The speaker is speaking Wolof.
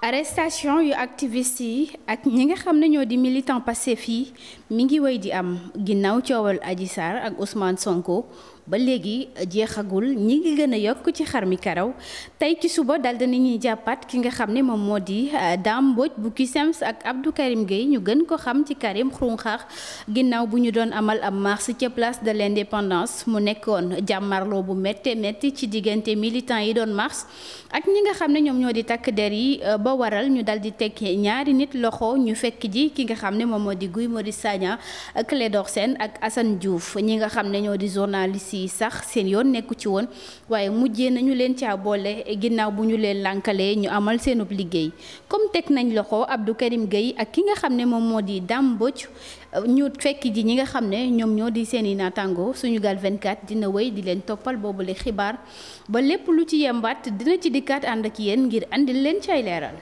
arrestation yu activiste yi ak ñi nga xam ne ñoo di militant Pastef fii mi ngi woy di am ginnaaw coowal Adji saar ak Ousmane Sonko ba léegi jeexagul ñi ngi gën a yokk ci xar mi karaw tey ci suba dal dina ñuy jàppaat ki nga xam ne moom moo di uh, Dame Mbodj bu CUSEMS ak Abdou Karim Gueye ñu gën ko xam ci Karim xrum ginnaaw bu ñu doon amal ab mars ca place de l'indépendance mu nekkoon jàmmarloo bu métte métti ci diggante militants yi doon mars ak ñi nga xam ne ñoom ñoo di takk der yi uh, ba waral ñu dal di teg ñaari nit loxo ñu fekk ji ki nga xam ne moom moo di Guy Marius Sagna Clédor Sène ak Assane Diouf ñi nga xam ne ñoo di journaliste yi sax seen yoon nekku ci woon waaye mujjee nañu leen caa boole ginnaaw bu ñu leen lànkalee ñu amal seenub liggéey comme teg nañ loxo Abdou Karim Gueye ak ki nga xam ne moom moo di Dame ñu fekk ji ñi nga xam ne ñoom ñoo di seen i suñu gal 24 dina wéy di leen toppal boobu boobule xibaar ba lépp lu ci yembaat dina ci dikkaat ànd ak yéen ngir andil leen cay leeral